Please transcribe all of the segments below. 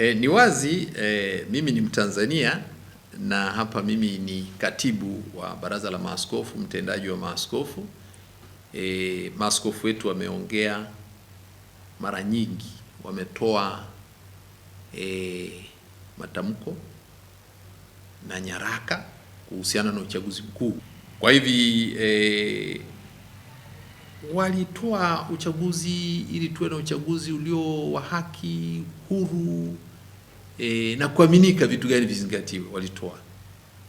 E, ni wazi e, mimi ni Mtanzania na hapa mimi ni katibu wa Baraza la Maaskofu, mtendaji wa maaskofu. E, maaskofu wetu wameongea mara nyingi, wametoa e, matamko na nyaraka kuhusiana na uchaguzi mkuu. Kwa hivi e, walitoa uchaguzi ili tuwe na uchaguzi ulio wa haki, huru e, na kuaminika vitu gani vizingatiwe walitoa,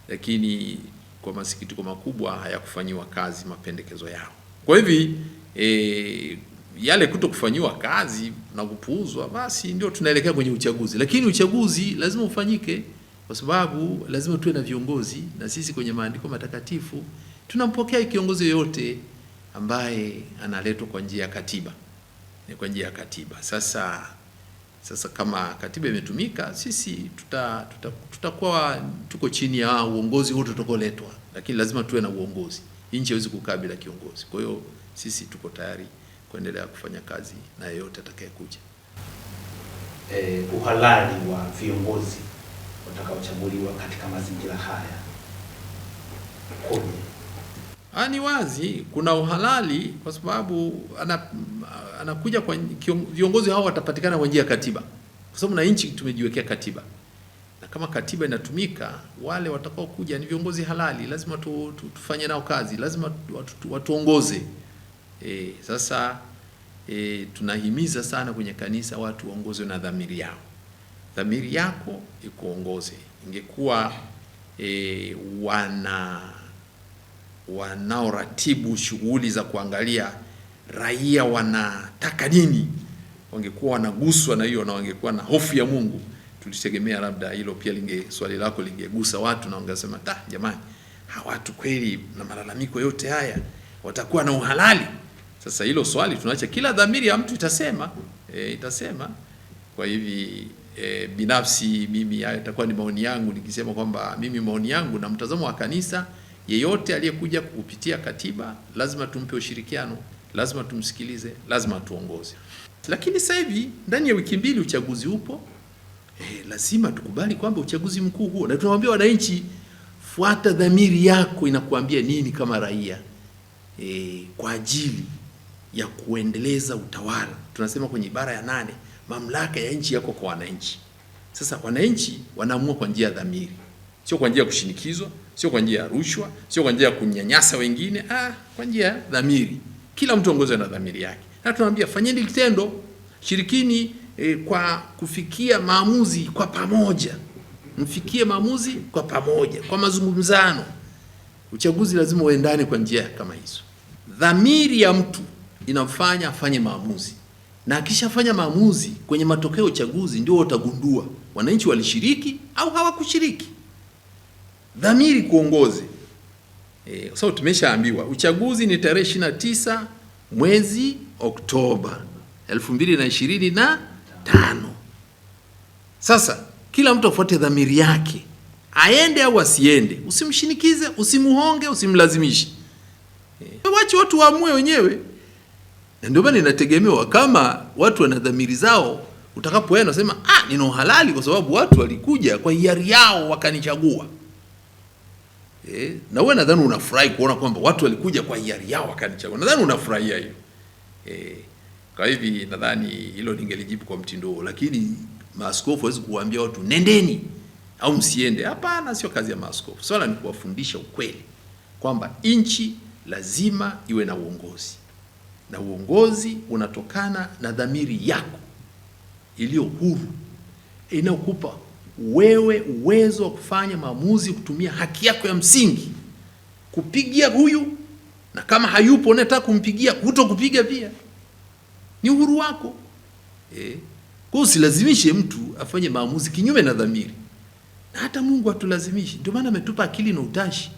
lakini kwa masikitiko makubwa hayakufanyiwa kazi mapendekezo yao. Kwa hivi e, yale kuto kufanyiwa kazi na kupuuzwa, basi ndio tunaelekea kwenye uchaguzi. Lakini uchaguzi lazima ufanyike, kwa sababu lazima tuwe na viongozi, na sisi kwenye maandiko matakatifu tunampokea kiongozi yoyote ambaye analetwa kwa njia ya katiba, ni kwa njia ya katiba sasa sasa kama katiba imetumika, sisi tutakuwa tuta, tuta tuko chini ya uongozi huu tutakoletwa, lakini lazima tuwe na uongozi. Nchi haiwezi kukaa bila kiongozi. Kwa hiyo sisi tuko tayari kuendelea kufanya kazi na yeyote atakayekuja. Eh, uhalali wa viongozi watakaochaguliwa katika mazingira haya Kone. Ah, ni wazi kuna uhalali kwa sababu anakuja ana kwa viongozi hao watapatikana kwa njia ya katiba, kwa sababu na nchi tumejiwekea katiba, na kama katiba inatumika, wale watakao kuja ni viongozi halali, lazima tu, tu, tufanye nao kazi, lazima watuongoze e, sasa e, tunahimiza sana kwenye kanisa watu waongozwe na dhamiri yao. Dhamiri yako ikuongoze. Ingekuwa e, wana wanaoratibu shughuli za kuangalia raia wanataka nini wangekuwa wanaguswa na hiyo na wangekuwa na hofu ya Mungu, tulitegemea labda hilo pia linge swali lako lingegusa watu na wangesema ta, jamani, hawatu kweli na malalamiko yote haya watakuwa na uhalali. Sasa hilo swali tunaacha kila dhamiri ya mtu itasema e, itasema kwa hivi e, binafsi mimi haya itakuwa ni maoni yangu nikisema kwamba mimi maoni yangu na mtazamo wa kanisa yeyote aliyekuja kupitia katiba lazima tumpe ushirikiano, lazima tumsikilize, lazima tuongoze. Lakini sasa hivi ndani ya wiki mbili uchaguzi upo. Eh, lazima tukubali kwamba uchaguzi mkuu huo, na tunawaambia wananchi, fuata dhamiri yako inakuambia nini kama raia eh, kwa ajili ya kuendeleza utawala. Tunasema kwenye ibara ya nane, mamlaka ya nchi yako kwa wananchi. Sasa wananchi wanaamua kwa njia ya dhamiri sio kwa njia ya kushinikizwa, sio kwa njia ya rushwa, sio kwa njia ya kunyanyasa wengine, ah, kwa njia ya dhamiri. Kila mtu aongozwe na dhamiri yake, na tunamwambia fanyeni kitendo, shirikini eh, kwa kufikia maamuzi kwa pamoja, mfikie maamuzi kwa pamoja, kwa mazungumzano. Uchaguzi lazima uendane kwa njia kama hizo. Dhamiri ya mtu inamfanya afanye maamuzi, na akishafanya maamuzi kwenye matokeo ya uchaguzi, ndio utagundua wananchi walishiriki au hawakushiriki dhamiri kuongoze e, sasa tumeshaambiwa uchaguzi ni tarehe ishirini tisa mwezi Oktoba elfu na tano. Sasa kila mtu afuate dhamiri yake, aende au asiende, usimshinikize, usimuhonge, usimlazimishe, e, wache watu waamue wenyewe. Na ndio maana ninategemewa kama watu wana dhamiri zao, utakapoenda unasema ah, nina uhalali kwa sababu watu walikuja kwa hiari yao wakanichagua eh, na wewe nadhani unafurahi kuona kwamba watu walikuja kwa hiari yao wakanichagua. Nadhani unafurahia hiyo eh. Kwa hivi nadhani hilo ningelijibu kwa mtindo huo, lakini maaskofu hawezi kuambia watu nendeni au msiende. Hapana, sio kazi ya maaskofu. Swala ni kuwafundisha ukweli kwamba nchi lazima iwe na uongozi, na uongozi unatokana na dhamiri yako iliyo huru inayokupa wewe uwezo wa kufanya maamuzi kutumia haki yako ya msingi kupigia huyu, na kama hayupo unataka kumpigia, huto kupiga pia, ni uhuru wako eh. Kwa hiyo usilazimishe mtu afanye maamuzi kinyume na dhamiri, na hata Mungu hatulazimishi. Ndio maana ametupa akili na utashi.